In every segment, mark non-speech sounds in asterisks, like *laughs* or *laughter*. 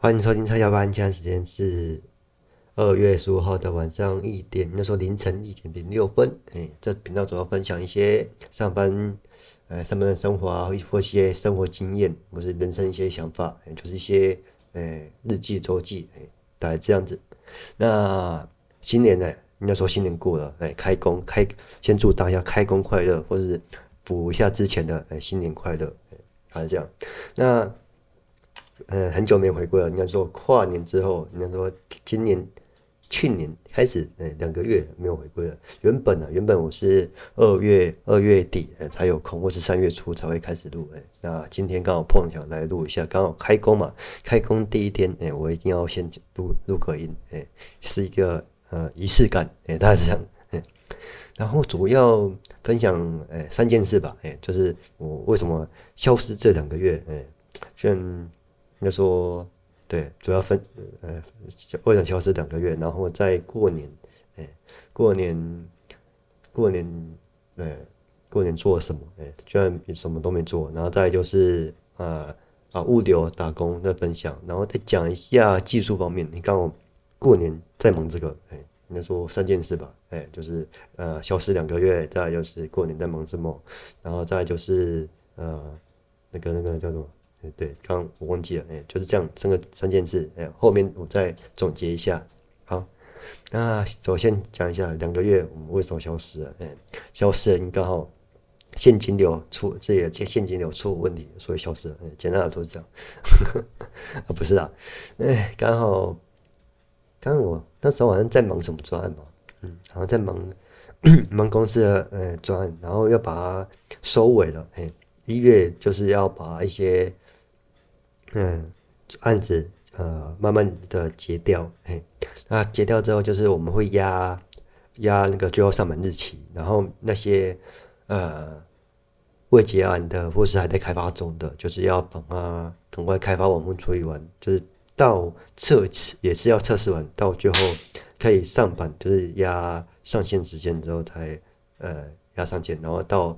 歡迎收聽蔡小班，今天時間是二月十五號的晚上一點，應該說凌晨一點零六分。哎，這頻道主要分享一些上班，上班的生活啊，或一些生活經驗，或是人生一些想法，就是一些，日記、週記，大概這樣子。那新年呢，應該說新年過了，哎，開工開，先祝大家開工快樂，或是補一下之前的，新年快樂，哎，還是這樣。那呃，很久沒回歸了。應該說跨年之後，應該說今年、去年開始，哎、欸，兩個月沒有回歸了。原本呢、啊，原本我是二月二月底、欸、才有空，或是三月初才會開始錄哎、欸。那今天剛好碰巧來錄一下，剛好開工嘛，開工第一天哎、欸，我一定要先錄錄個音哎、欸，是一個呃儀式感哎、欸，大家講、欸。然後主要分享哎、欸、三件事吧哎、欸，就是我為什麼消失這兩個月哎、欸，雖應該說，對，主要分呃，為了消失兩個月，然後再過年，哎，過年，過年，哎，過年做什麼？哎，居然什麼都沒做，然後再就是，呃，啊，物流打工的分享，然後再講一下技術方面。你看我過年在忙這個，哎，應該說三件事吧，哎，就是呃，消失兩個月，再就是過年在忙什麼，然後再就是呃，那個那個叫什麼？對，剛，剛我忘記了，哎，就是這樣，三個三件事，哎，後面我再總結一下。好，那首先講一下兩個月我們為什麼消失了，哎，消失了，剛好現金流出，這也現金流出問題，所以消失了，誒，簡單的都是這樣。 *laughs* 啊，不是啊，哎，剛好，剛，剛我那時候好像在忙什麼專案吧，嗯，好像在忙 *coughs* 忙公司的呃專案，然後要把它收尾了，哎，一月就是要把一些。嗯，案子，呃慢慢的結掉，嘿，那結掉之後就是我們會壓壓那個最後上版日期，然後那些呃未結案的或是還在開發中的，就是要等啊，趕快開發我們處理完，就是到測試也是要測試完，到最後可以上版， *coughs* 就是壓上線時間之後才呃壓上線，然後到。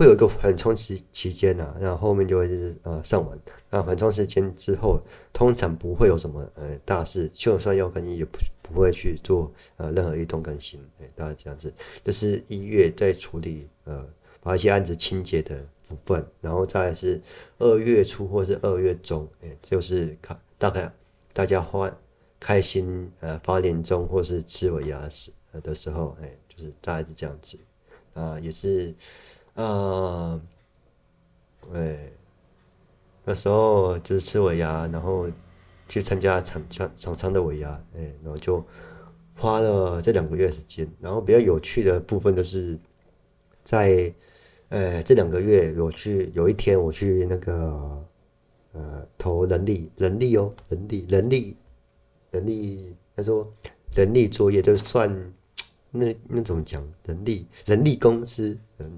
會有一個緩衝期期間、啊、然那後面就會、就是呃上完。那、啊、緩衝時間之後通常不會有什麼呃大事，就算要可能也不不會去做呃任何一通更新、呃，大概這樣子。就是一月在處理呃把一些案子清潔的部分，然後再是二月初或是二月中，呃、就是看大概大家歡開心呃發年終或是吃尾牙食的時候、呃，就是大概是這樣子，啊、呃，也是。啊，哎、uh, 欸，那時候就是吃尾牙，然後去參加廠商廠商的尾牙，哎、欸，然後就花了這兩個月時間。然後比較有趣的部分就是在，在、欸、呃這兩個月，我去有一天我去那個呃投人力人力，哦人力人力人力，他說人力作業就算那那怎麼講？人力人力公司。嗯。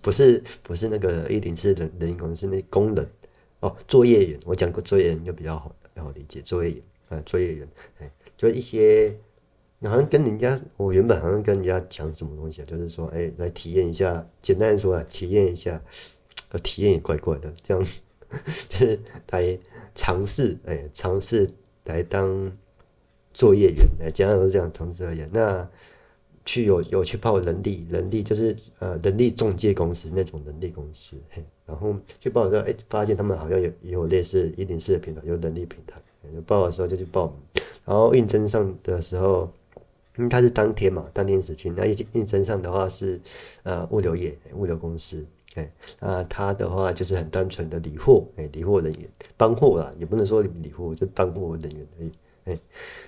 不是不是那個一定是人人工是那工人哦，作業員我講過作業員就比較好好理解作業員啊作業員哎、欸，就一些好像跟人家我原本好像跟人家講什麼東西啊，就是說哎、欸、來體驗一下，簡單來說啊體驗一下，呃體驗也怪怪的，這樣就是來嘗試哎嘗試來當作業員，哎、欸、講都是這樣，嘗試而已那。去有有去報人力，人力就是呃，人力仲介公司那種人力公司嘿，然後去報的時候，哎，發現他們好像有有類似一零四的平台，有人力平台，就報的時候就去報名，然後應徵上的時候，因為他是當天嘛，當天執勤。那應應徵上的話是呃，物流業，物流公司，哎，那他的話就是很單純的理貨，哎，理貨人員，搬貨啦，也不能說理貨，就搬貨人員而已，哎，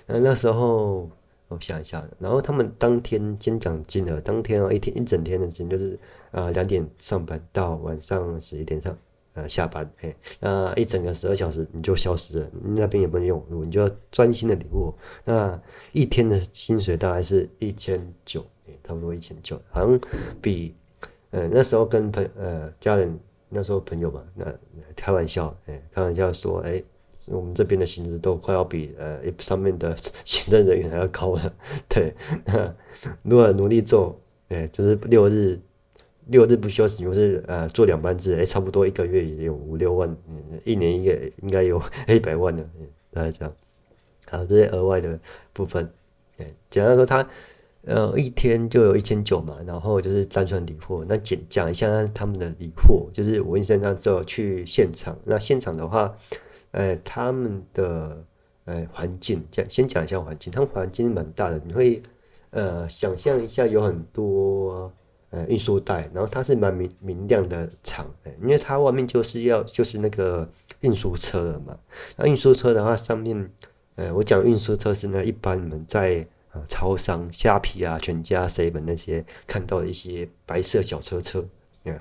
那那時候。我想一下，然後他們當天先講金額，當天哦一天一整天的時間就是，呃兩點上班到晚上十一點上，呃下班，誒、哎，那、呃、一整個十二小時你就消失了，你那邊也不能用，你就要專心的禮物。那一天的薪水大概是一千九，差不多一千九，好像比，呃那時候跟朋呃家人那時候朋友吧，那開玩笑，誒、哎，開玩笑說，誒、哎。我們這邊的薪資都快要比呃上面的行政人員還要高了，對。那如果努力做，哎、欸，就是六日六日不休息，就是呃做兩班制，差不多一個月也有五六萬、嗯，一年一個應該有一百萬了，大概這樣。還有這些額外的部分，哎、欸，簡單來說他呃一天就有一千九嘛，然後就是單純理貨。那簡講一下他們的理貨，就是我跟先生之後去現場，那現場的話。呃、欸，他們的呃環、欸、境講先講一下環境，他們環境蠻大的，你會呃想象一下有很多呃運輸帶，然後它是蠻明明亮的廠、欸，因為它外面就是要就是那個運輸車了嘛。那運輸車的話，上面呃、欸、我講運輸車是呢，一般你們在啊超、呃、商、蝦皮啊、全家、seven 那些看到的一些白色小車車，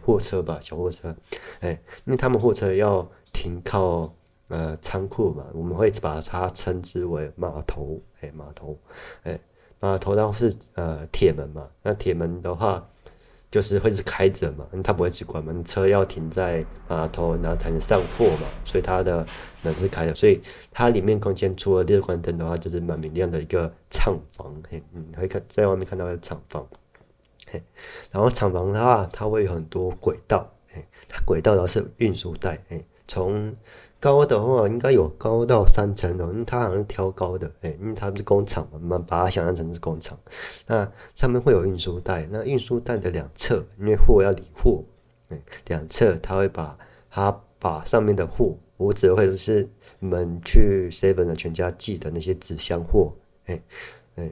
貨、欸、車吧，小貨車、欸，因為他們貨車要停靠。呃，倉庫嘛，我們會把它稱之為碼頭，誒、欸，碼頭，誒、欸，碼頭呢是呃鐵門嘛，那鐵門的話就是會是開着嘛，因為它不會只關門，車要停在碼頭，然後才能上貨嘛，所以它的門是開的，所以它裡面空間除了二關燈的話，就是蠻明亮的一個廠房，嘿、欸嗯，你會看在外面看到的廠房，嘿、欸，然後廠房的話，它會有很多軌道，誒、欸，它軌道都是運輸帶，誒、欸，從。高的話應該有高到三層哦，因為它好像是挑高的，哎，因為它是工廠嘛，我們把它想象成是工廠，那上面會有運輸帶，那運輸帶的兩側，因為貨要理貨，哎，兩側它會把它把上面的貨，我指的會是你們去 Seven 的全家寄的那些紙箱貨，哎，哎。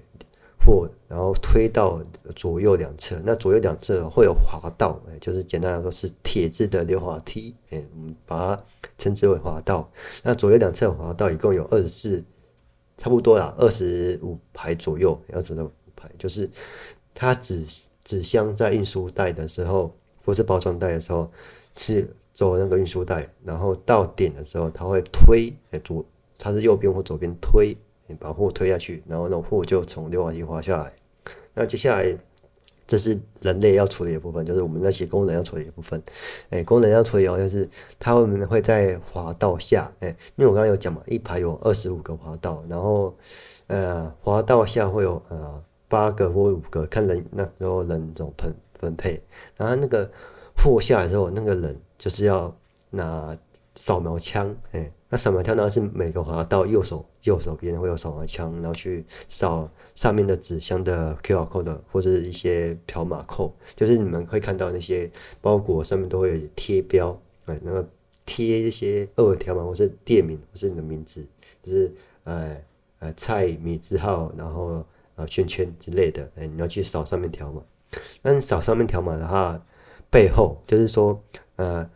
過，然後推到左右兩側，那左右兩側會有滑道，哎，就是簡單來說是鐵質的溜滑梯，哎，我們把它稱之為滑道。那左右兩側滑道一共有二十四，差不多啦，二十五排左右，二十六排，就是它紙紙箱在運輸帶的時候，不是包裝袋的時候，是走那個運輸帶，然後到點的時候，它會推，哎左，它是右邊或左邊推。你把貨推下去，然後那貨就從六號機滑下來。那接下來，這是人類要處理的部分，就是我們那些工人要處理的部分。哎、欸，工人要處理哦，就是他們會在滑道下，哎、欸，因為我剛剛有講嘛，一排有二十五個滑道，然後呃，滑道下會有呃八個或五個，看人那時候人怎麼分分配。然後那個貨下來之後，那個人就是要拿掃描槍，哎、欸，那掃描槍呢是每個滑道右手。右手邊會有掃碼槍，然後去掃上面的紙箱的 QR code 或是一些條碼 code，就是你們會看到那些包裹上面都會有貼標，哎、呃，那個貼一些二維條碼，或是店名，或是你的名字，就是呃呃菜米字號，然後呃圈圈之類的，哎、欸，你要去掃上面條碼。那你掃上面條碼的話，然後背後就是說呃。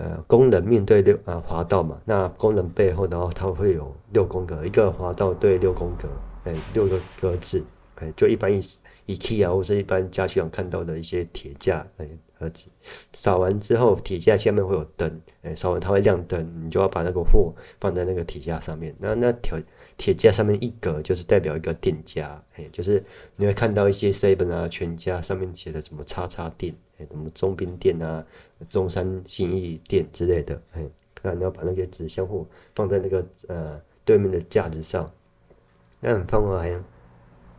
呃，功能面對六呃滑道嘛，那功能背後，然後它會有六宮格，一個滑道對六宮格，哎，六個格子，哎，就一般意思。IKEA 啊，或者一般家具上看到的一些鐵架，誒、欸，盒子，掃完之後，鐵架下面會有燈，誒、欸，掃完它會亮燈，你就要把那個貨放在那個鐵架上面。那那條鐵架上面一格就是代表一個店家，誒、欸，就是你會看到一些 seven 啊、全家上面寫的什麼叉叉店，誒、欸，什麼中兵店啊、中山信義店之類的，誒、欸，那你要把那些紙箱貨放在那個呃對面的架子上，那放還有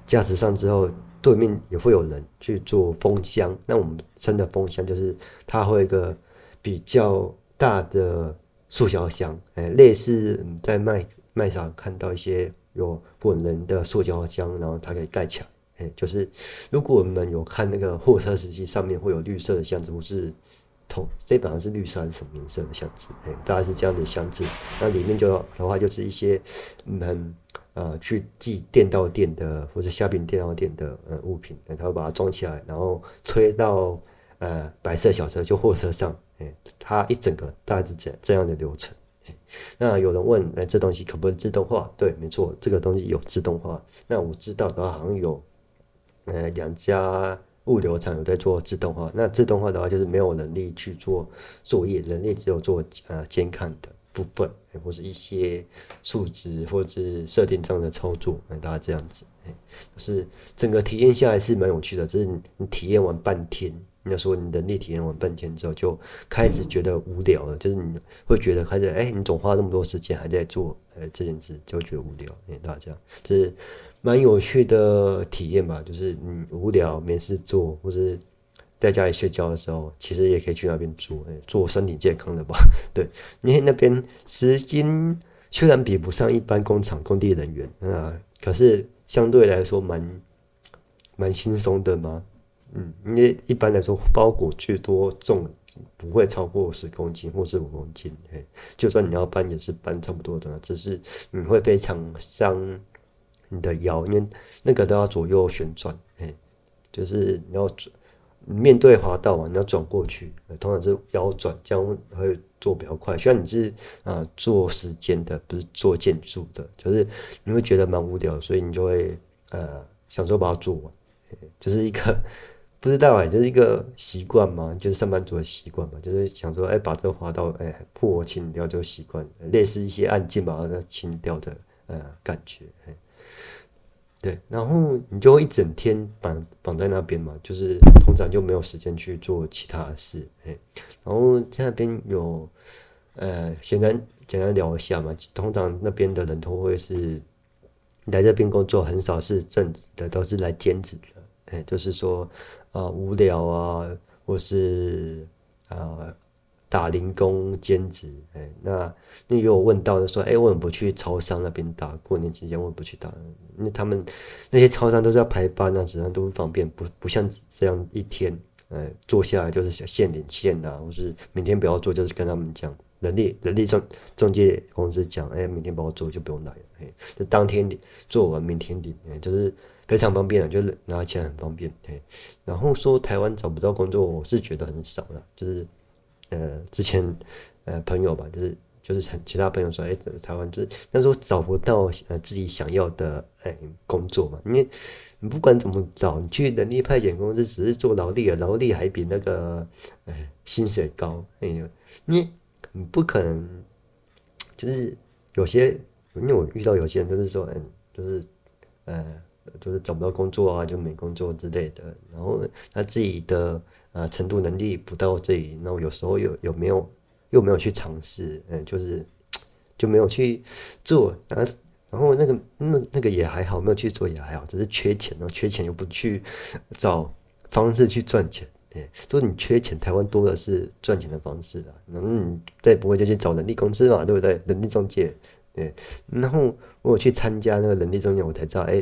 架子上之後。對面也會有人去做封箱，那我們稱的封箱就是它會一個比較大的塑膠箱，哎，類似你在賣賣場看到一些有滾輪的塑膠箱，然後它可以蓋起來，哎，就是如果我們有看那個貨車時期，上面會有綠色的箱子，不是。這基本上是綠色，還是什麼顏色的箱子，哎、欸，大概是這樣的箱子。那裡面就的話，就是一些門、嗯，呃，去寄電到店的或者下邊電到店的呃、嗯、物品，呃、欸，他會把它裝起來，然後推到呃白色小車，就貨車上，哎、欸，它一整個大概是這這樣的流程。欸、那有人問，哎、欸，這東西可不可以自動化？對，沒錯，這個東西有自動化。那我知道的話好像有呃兩家。物流廠有在做自動化，那自動化的話就是沒有能力去做作業，人力只有做呃監看的部分、欸，或是一些數值，或是設定這樣的操作，哎、欸，大家這樣子，哎、欸，就是整個體驗下來是蠻有趣的，就是你，你體驗完半天，那時候你能力體驗完半天之後就開始覺得無聊了，就是你會覺得開始哎、欸，你總花這麼多時間還在做呃、欸、這件事，就覺得無聊，哎、欸，大家就是。蠻有趣的體驗吧，就是你、嗯、無聊沒事做，或者在家裡睡覺的時候，其實也可以去那邊做、欸，做身體健康的吧。對，因為那邊時間雖然比不上一般工廠工地人員啊、嗯，可是相對來說蠻蠻輕鬆的嘛。嗯，因為一般來說包裹最多重不會超過十公斤或是五公斤、欸，就算你要搬也是搬差不多的，只是你會非常傷。你的腰，因為那個都要左右旋轉，哎，就是你要轉你面對滑道啊，你要轉過去，呃、通常是腰轉這樣會做比較快。雖然你是啊、呃、做時間的，不是做建築的，就是你會覺得蠻無聊，所以你就會呃想說把它做完，哎、就是一個不知道哎，就是一個習慣嘛，就是上班族的習慣嘛，就是想說哎把這個滑道哎破清掉這個習慣、哎，類似一些案件把它清掉的呃感覺，哎。對，然後你就會一整天綁綁在那邊嘛，就是通常就沒有時間去做其他的事，哎，然後在那邊有，呃，簡單簡單聊一下嘛，通常那邊的人都會是來這邊工作，很少是正職的，都是來兼職的，哎，就是說，啊、呃，無聊啊，或是啊。呃打零工兼職，哎、欸，那那個我問到就說，哎、欸，我怎麼不去超商那邊打？過年期間我也不去打？那他們那些超商都是要排班啊，實際都不方便，不不像這樣一天，哎、欸，坐下來就是現領現啊，或是明天不要做，就是跟他們講人力人力仲仲介公司講，哎、欸，明天不要做就不用來了，哎、欸，當天做完明天領，哎、欸，就是非常方便的，就是拿錢很方便，哎、欸，然後說台灣找不到工作，我是覺得很少了、啊，就是。呃，之前呃朋友吧，就是就是很其他朋友說，哎，台灣就是但是我找不到呃自己想要的哎工作嘛，你你不管怎麼找，你去人力派遣公司只是做勞力，而勞力還比那個哎薪水高，哎喲你你不可能就是有些，因為我遇到有些人就是說，嗯、哎，就是呃就是找不到工作啊，就沒工作之類的，然後他自己的。啊、呃，程度能力不到這裡，那我有時候又有，有沒有，又沒有去嘗試，嗯，就是就沒有去做，啊、然後那個那那個也還好，沒有去做也還好，只是缺錢，然後缺錢又不去找方式去賺錢，就說你缺錢，台灣多的是賺錢的方式的，然後你再也不會就去找人力公司嘛，對不對？人力中介，哎，然後我有去參加那個人力中介，我才知道，哎，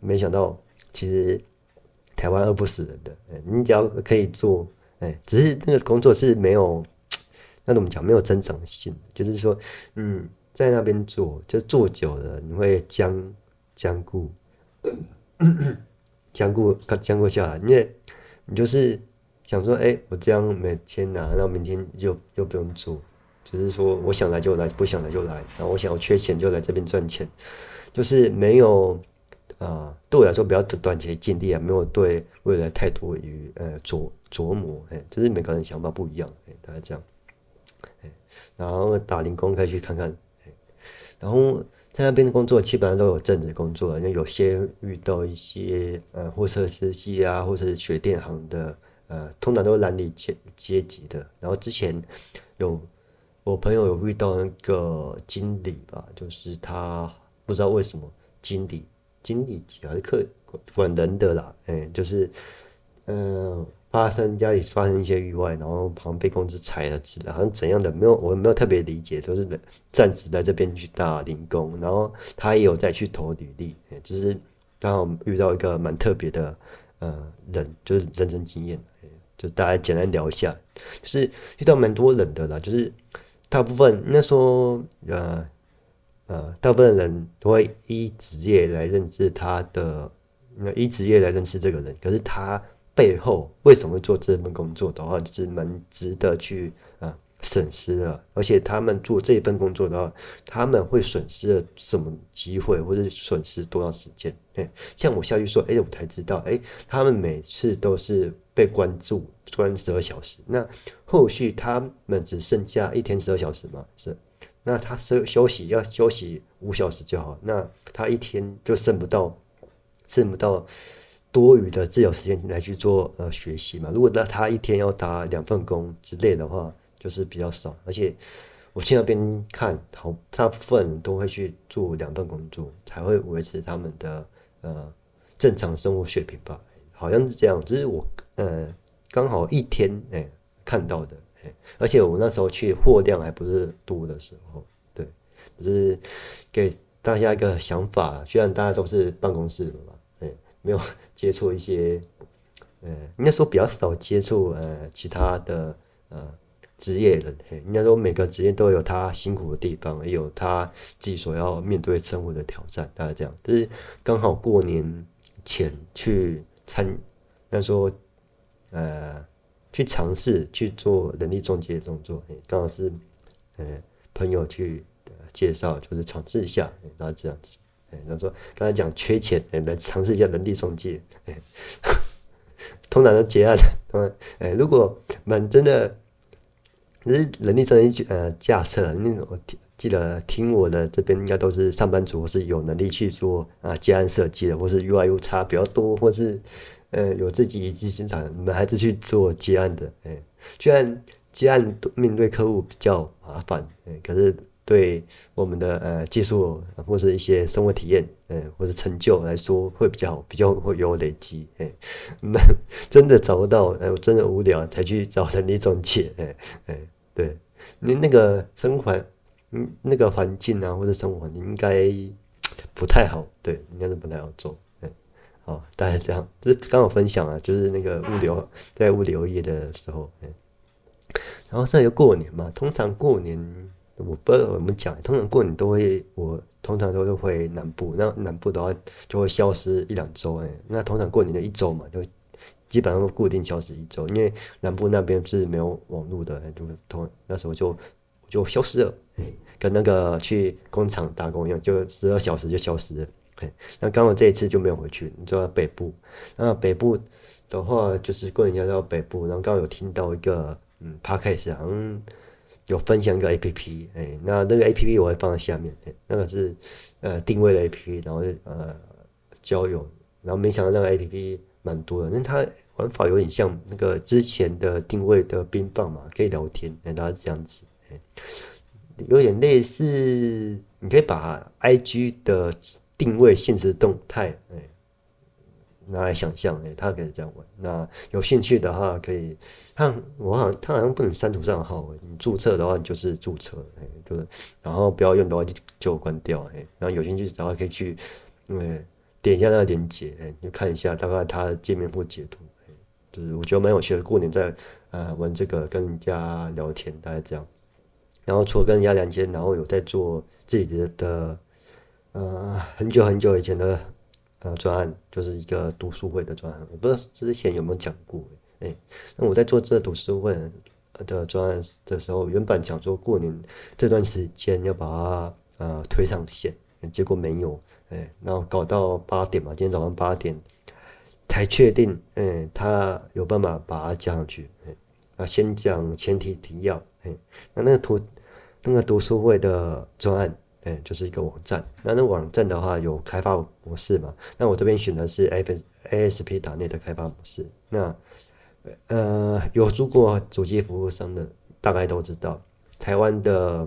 沒想到其實。台灣餓不死人的，你只要可以做，欸，只是那個工作是沒有，那怎麼講？沒有增長性，就是說，嗯，在那邊做，就做久了，你會僵僵固，僵固僵固下來，因為你就是想說，哎、欸，我這樣每天拿，那明天又又不用做，只，就是說我想來就來，不想來就來，然後我想我缺錢就來這邊賺錢，就是沒有。啊、呃，對我來說比較短期的見地啊，沒有對未來太多與呃琢琢磨，哎，就是每個人想法不一樣，哎，大家這樣，然後打零工可以去看看，然後在那邊的工作基本上都有正職工作，啊，因為有些遇到一些呃貨車司機啊，或是水電行的，呃，通常都是藍領階階級的。然後之前有我朋友有遇到那個經理吧，就是他不知道為什麼經理。經歷幾啊，還是客管，管人的啦。誒、欸，就是，嗯、呃，發生家裡發生一些意外，然後旁邊被公司裁了之類好像怎樣的沒有，我沒有特別理解，都、就是暫時在這邊去打零工，然後他也有再去投履歷。欸，就是剛好遇到一個蠻特別的，呃，人，就是人生經驗，欸，就大家簡單聊一下，就是遇到蠻多人的啦，就是大部分那時候呃。呃，大部分人都會依職業來認識他的，那、呃、依職業來認識這個人。可是他背後為什麼會做這份工作的話，就是蠻值得去啊審視的。而且他們做這份工作的話，他們會損失了什麼機會，或者損失多少時間？哎，像我下去說，哎，我才知道，哎，他們每次都是被關注，關十二小時，那後續他們只剩下一天十二小時嗎？是。那他休休息要休息五小時就好，那他一天就剩不到，剩不到多餘的自由時間來去做呃學習嘛。如果他他一天要打兩份工之類的話，就是比較少。而且我去那邊看，好大部分都會去做兩份工作，才會維持他們的呃正常生活水平吧，好像是這樣。這、就是我呃剛好一天哎、欸、看到的。而且我那時候去貨量還不是多的時候，對，只是給大家一個想法。雖然大家都是辦公室的嘛，對，沒有接觸一些，呃，應該說比較少接觸呃其他的呃、職業人。應該說每個職業都有他辛苦的地方，也有他自己所要面對生活的挑戰。大家這樣，就是剛好過年前去參，那時候，呃。去嘗試去做人力中介的工作，剛好是、呃、朋友去、呃、介紹，就是嘗試一下、呃，然後這樣子，哎、呃，他說剛才講缺錢，哎、呃，來嘗試一下人力中介，欸、 *laughs* 通常都結案，通常、欸、如果蠻真的，人力真的去呃架設，那我記得聽我的這邊應該都是上班族是有能力去做啊接、呃、案設計的，或是 UIUX 比較多，或是。呃，有自己一技之長，我們還是去做接案的。哎、欸，雖然接案面對客戶比較麻煩，哎、欸，可是對我們的呃技術或者一些生活體驗，哎、欸，或者成就來說會比較好，比較會有累積。哎、欸，那真的找不到，哎、呃，我真的無聊才去找人的那種姐。哎、欸，哎、欸，對你那個生活嗯，那個環境啊，或者生活，應該不太好，對，應該是不太好做。哦，大概這樣，就是剛好分享啊，就是那個物流，在物流業的時候，嗯、欸，然後這在又過年嘛，通常過年我不知道怎麼講，通常過年都會我通常都是回南部，那南部的話就會消失一兩週，哎，那通常過年的一週嘛，就基本上固定消失一週，因為南部那邊是沒有網絡的、欸，很多同那時候就就消失了，欸、跟那個去工廠打工一樣，就十二小時就消失了。嘿那剛好這一次就沒有回去，你知道北部，那北部的話就是過年要到北部。然後剛好有聽到一個嗯 podcast 好像有分享一個 A P P，哎，那那個 A P P 我會放在下面，那個是呃定位的 A P P，然後呃交友，然後沒想到那個 A P P 蠻多的，那它玩法有點像那個之前的定位的冰棒嘛，可以聊天，然後是這樣子，嘿有點類似，你可以把 I G 的。定位現實動態，哎、欸，拿來想象，哎、欸，他可以這樣玩。那有興趣的話，可以，看我好像他好像不能刪除賬號，哎、欸，你註冊的話你就是註冊，哎、欸，就是，然後不要用的話就就關掉，哎、欸，然後有興趣的話可以去，嗯、欸、點一下那個鏈接，哎、欸，就看一下大概它的界面或截圖，哎、欸，就是我覺得蠻有趣的。過年在呃玩這個，跟人家聊天，大概這樣。然後除了跟人家聊天，然後有在做自己的、的。呃，很久很久以前的呃專案，就是一個讀書會的專案，我不知道之前有沒有講過。哎、欸，那我在做這讀書會的專案的時候，原本講說過年這段時間要把它呃推上線、欸，結果沒有。哎、欸，然後搞到八點嘛，今天早上八點才確定，哎、欸，他有辦法把它加上去。哎、欸，啊先講前提提要。哎、欸，那那個圖，那個讀書會的專案。哎，就是一個網站。那那網站的話有開發模式嘛？那我這邊選的是 A P A S P 打內的開發模式。那呃，有租過主機服務商的大概都知道，台灣的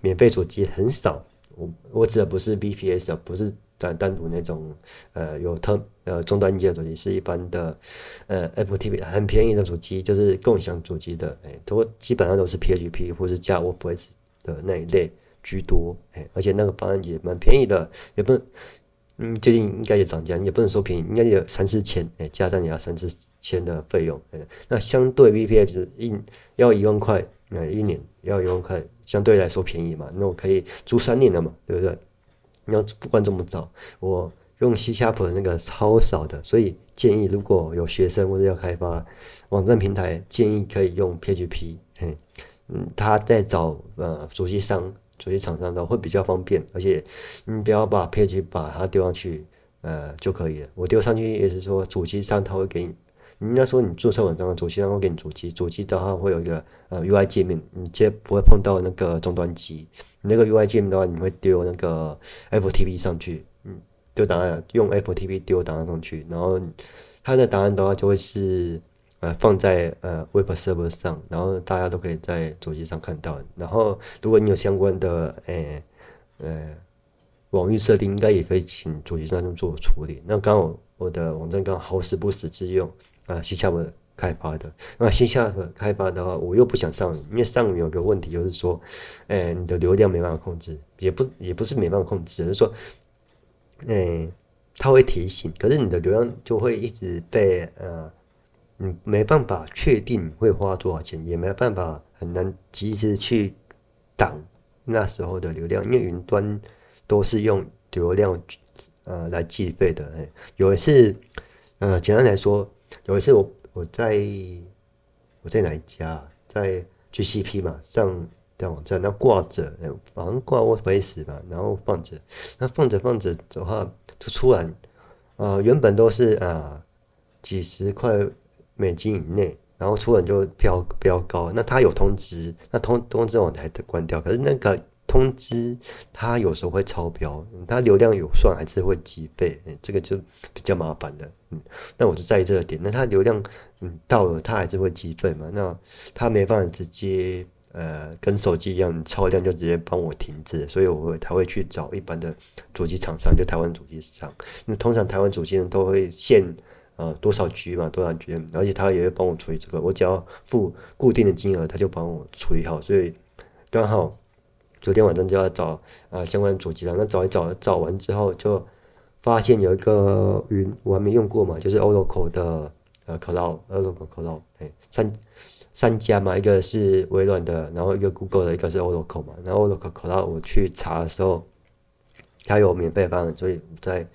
免費主機很少。我我指的不是 V P S 的，不是單單獨那種呃有特呃終端機的主機，是一般的呃 F T P 很便宜的主機，就是共享主機的。哎，都基本上都是 P H P 或者是加 o P S 的那一類。居多，誒，而且那個方案也蠻便宜的，也不嗯，最近應該也漲價，也不能說便宜，應該也有三四千，誒、哎，加上你要三四千的費用，誒、哎，那相對 VPS 一要一萬塊，哎，一年要一萬塊，相對來說便宜嘛，那我可以租三年的嘛，對不對？你要不管怎麼找，我用西夏普的那個超少的，所以建議如果有學生或者要開發網站平台，建議可以用 PHP，哎、嗯，他在找呃主機商。主機廠商的話會比較方便，而且你不要把配置把它丟上去，呃就可以了。我丟上去也是說主機商，他會給你，應該說你註冊文章，主機商會給你主機。主機的話會有一個呃 UI 界面，你接不會碰到那個終端機。你那個 UI 界面的話，你會丟那個 FTP 上去，嗯，丟檔案用 FTP 丟檔案上去，然後它的檔案的話就會是。呃，放在呃 Web Server 上，然後大家都可以在主機上看到。然後，如果你有相關的，哎、呃，呃，網域設定，應該也可以請主機上做處理。那剛好我的網站剛好死不死自用啊，西、呃、下的開發的。那西下的開發的話，我又不想上雲，因為上雲有個問題，就是說，哎、呃，你的流量沒辦法控制，也不也不是沒辦法控制，而是說，哎、呃，它會提醒，可是你的流量就會一直被呃。你沒辦法確定會花多少錢，也沒辦法很難及時去擋那時候的流量，因為雲端都是用流量呃來計費的。哎，有一次呃，簡單來說，有一次我我在我在哪一家在 GCP 嘛上在網站那掛着，反正掛我台式嘛，然後放着，那放着放着的話就突然呃原本都是呃幾十塊。美金以內，然後出了就飆飆高，那他有通知，那通通知我還得關掉，可是那個通知他有時候會超標，嗯、他流量有算還是會計費、欸，這個就比較麻煩的，嗯，那我就在意這個點，那他流量嗯到了他還是會計費嘛，那他沒辦法直接呃跟手機一樣超量就直接幫我停止，所以我才會去找一般的主機廠商，就台灣主機廠商，那通常台灣主機人都會限。呃，多少 G 嘛，多少 G。而且他也會幫我處理這個，我只要付固定的金額，他就幫我處理好。所以剛好昨天晚上就要找啊、呃、相關的主機了，那找一找，找完之後就發現有一個雲我還沒用過嘛，就是 Oracle 的呃 Cloud，Oracle Cloud，、啊不不可口欸、三三家嘛，一個是微軟的，然後一個 Google 的，一個是 Oracle 嘛，然後 Oracle Cloud 我去查的時候，它有免費版，所以在。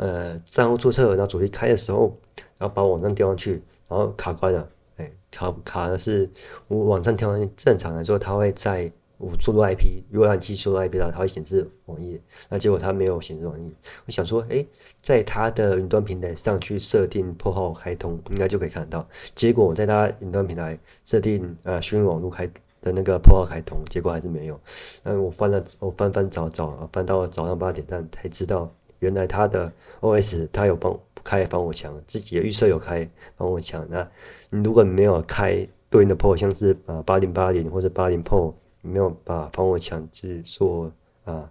呃，賬戶註冊，然後主機開的時候，然後把網站調上去，然後卡關了。哎，卡卡的是我網站調完正常的，說它會在我輸入 IP，如果按技術輸入 IP 的話，它會顯示網頁。那結果它沒有顯示網頁。我想說，哎，在它的雲端平台上去設定破號開通，應該就可以看得到。結果我在它雲端平台設定呃虛擬網絡開的那個破號開通，結果還是沒有。那我翻了，我翻翻找找，啊、翻到早上八點，但才知道。原來他的 OS 他有幫開防火牆，自己的預設有開防火牆。那你如果你沒有開對應的 Port，像是，八零八零或者八零 Port 沒有把防火牆去做啊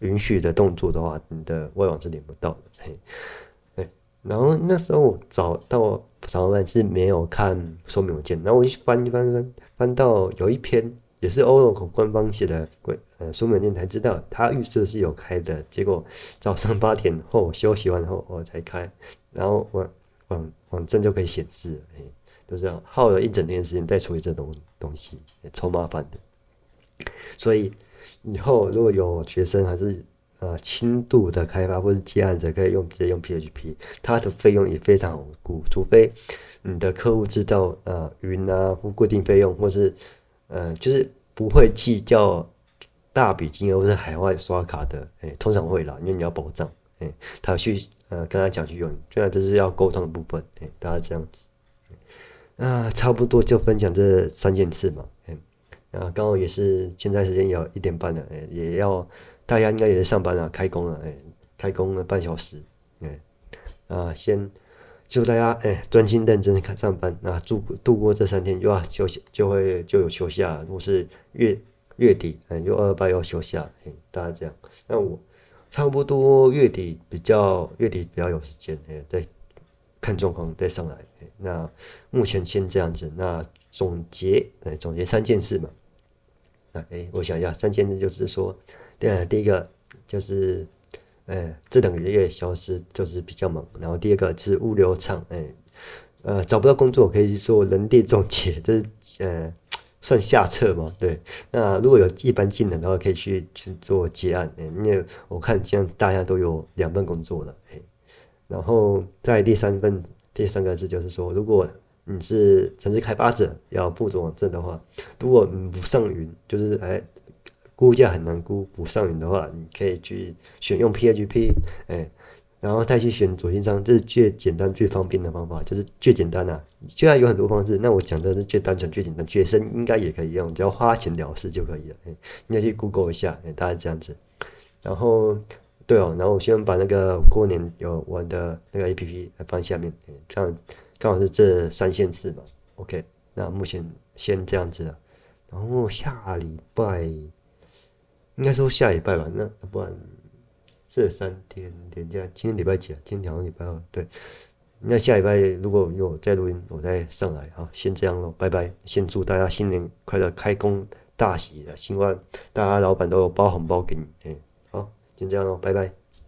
允許的動作的話，你的外網是連不到的。哎，然後那時候我找到小夥伴是沒有看說明文件，然後我就翻一翻一翻翻到有一篇。也是 Oracle 官方寫的，規呃，書面店才知道，他預設是有開的，結果早上八點後休息完後我、哦、才開，然後網網網站就可以顯示，誒、欸，就這、是、樣耗了一整天時間在處理這種東西，也超麻煩的。所以以後如果有學生還是呃輕度的開發或是接案子，可以用直接用 PHP，它的費用也非常估，除非你的客戶知道、呃、啊雲啊不固定費用或是。呃，就是不會計較大筆金額或者海外刷卡的，誒、欸，通常會啦，因為你要保障，誒、欸，他去呃跟他講去用，雖然這是要溝通的部分，誒、欸，大概這樣子、欸，啊，差不多就分享這三件事嘛，誒、欸，啊，剛好也是現在時間也一點半了，誒、欸，也要大家應該也是上班了，開工了，誒、欸，開工了半小時，誒、欸，啊，先。祝大家哎，專心認真的看上班，那度度過這三天，又要休息，就會就有休息。如果是月月底嗯，又二二八要休息，大家這樣。那我差不多月底比較月底比較有時間哎，再看狀況再上來。那目前先這樣子。那總結哎，總結三件事嘛。那哎，我想一下，三件事就是說，對，第一個就是。哎，這兩個月消失就是比較忙。然後第二個就是物流廠，哎，呃，找不到工作可以去做人力中介，這是呃算下策嘛？對。那如果有一般技能的話，可以去去做結案。哎，因為我看現在大家都有兩份工作了。哎，然後在第三份，第三個是就是說，如果你是程式開發者要部署網站的話，如果你不上雲，就是哎。估價很難估不上癮的話，你可以去選用 PHP，哎，然後再去選左心倉，這是最簡單、最方便的方法，就是最簡單的。現在有很多方式，那我講的是最單純、最簡單，學生應該也可以用，只要花錢了事就可以了。哎，應該去 Google 一下，哎，大概這樣子。然後，對哦，然後我先把那個過年有玩的那個 APP 放下面，看、哎，剛好是這三件事吧。OK，那目前先這樣子，啊，然後下禮拜。應該說下禮拜吧，那不然這三天連假，今天禮拜幾啊？今天早上禮拜二，對。那下禮拜如果有再錄音，我再上來哈。先這樣嘍，拜拜。先祝大家新年快樂，開工大喜的，希望大家老板都有包紅包給你。好，先這樣嘍，拜拜。